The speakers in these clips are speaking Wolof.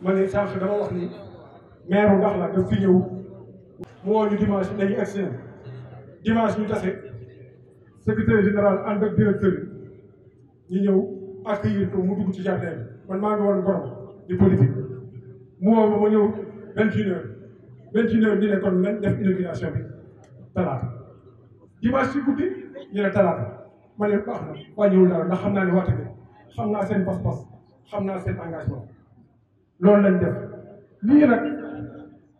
ma ne sànq dama wax ni maire bu baax la daf fi mu woo ñu dimanche nañu egsi dimanche ñu tase secrétaire général ànd ak directeur yi ñu ñëw accueillir ko mu dugg ci jardin man maa ngi woon borom di politique mu woo ma ma ñëw vingt une heure vingt une heure ñu ne kon nañ def inauguration ma ne baax na wàññiwul ndax xam naa ne xam naa seen pas xam naa seen engagement loolu lañ def lii nag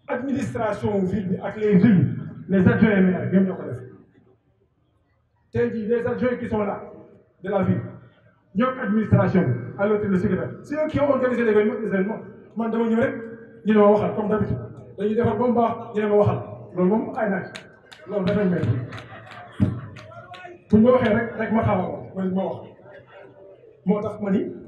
administration ville bi ak les villes les adjoints maires ñoom ñoo ko def tey jii les adjoints qui sont là de la ville ñoom administration bi à l'autorité le secrétaire c'est eux qui ont organisé les événements man dama ñëw rek ñu ne ma waxal comme d'habitude dañuy defar ba mu baax ñu ne ma waxal loolu moom ay naaj loolu dafay mel buñ ma waxee rek rek ma xaaral ma ma wax moo tax ma ni.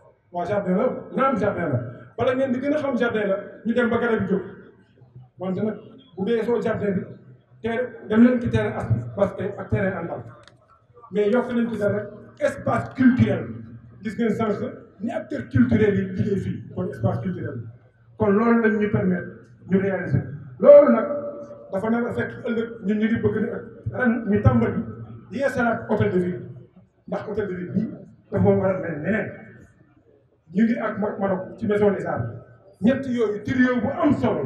waaw jardin la naam jardin la di gën a xam jardin la ñu dem ba garab yi jóg wante nag bu dee soo jardin bi terre dem leen ci terrain as basket ak terrain àndal mais yokk nañ ci dara rek espace culturel gis ngeen sanc ni acteur culturel yi liggéey fii kon espace culturel kon loolu lañ ñu permettre ñu réaliser loolu nag dafa nar a fekk ëllëg ñun ñu ne ndax hôtel ñi ngi ak Maroc ci maison des arts ñett yooyu di bu am solo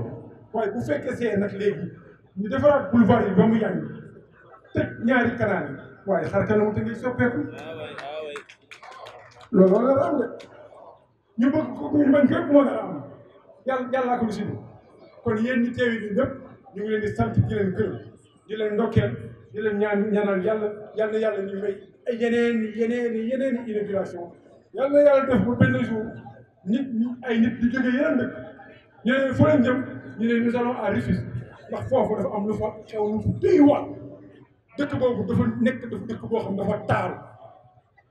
waaye bu fekkee see nag léegi ñu defaraat boulevard yi ba mu yàgg teg ñaari canal yi waaye xar te soppeeku loolu la de ñu bëgg ko ñu bañ képp moo dara am yàlla ko lu si kon yéen ñi teewi bi ñëpp ñu ngi leen di sant di leen gërëm di leen ndokkeel di leen ñaan ñaanal yàlla yàlla yàlla ñu may yàlla na yàlla def bu benn jour nit ñi ay nit di jógee yeneen dëkk ñu ne fu leen ñu ne nous allons foofu dafa am lu fa xew lu fa déy dëkk boobu dafa nekk dafa dëkk boo xam dafa taaru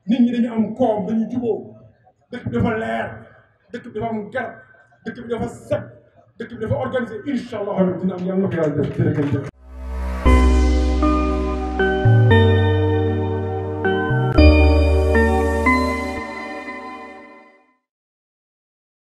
nit ñi dañu am koom dañu juboo dëkk bi dafa leer dëkk bi dafa am garab dëkk bi dafa set dëkk bi dafa organisé incha dina am yàlla na ko yàlla def jërëjëf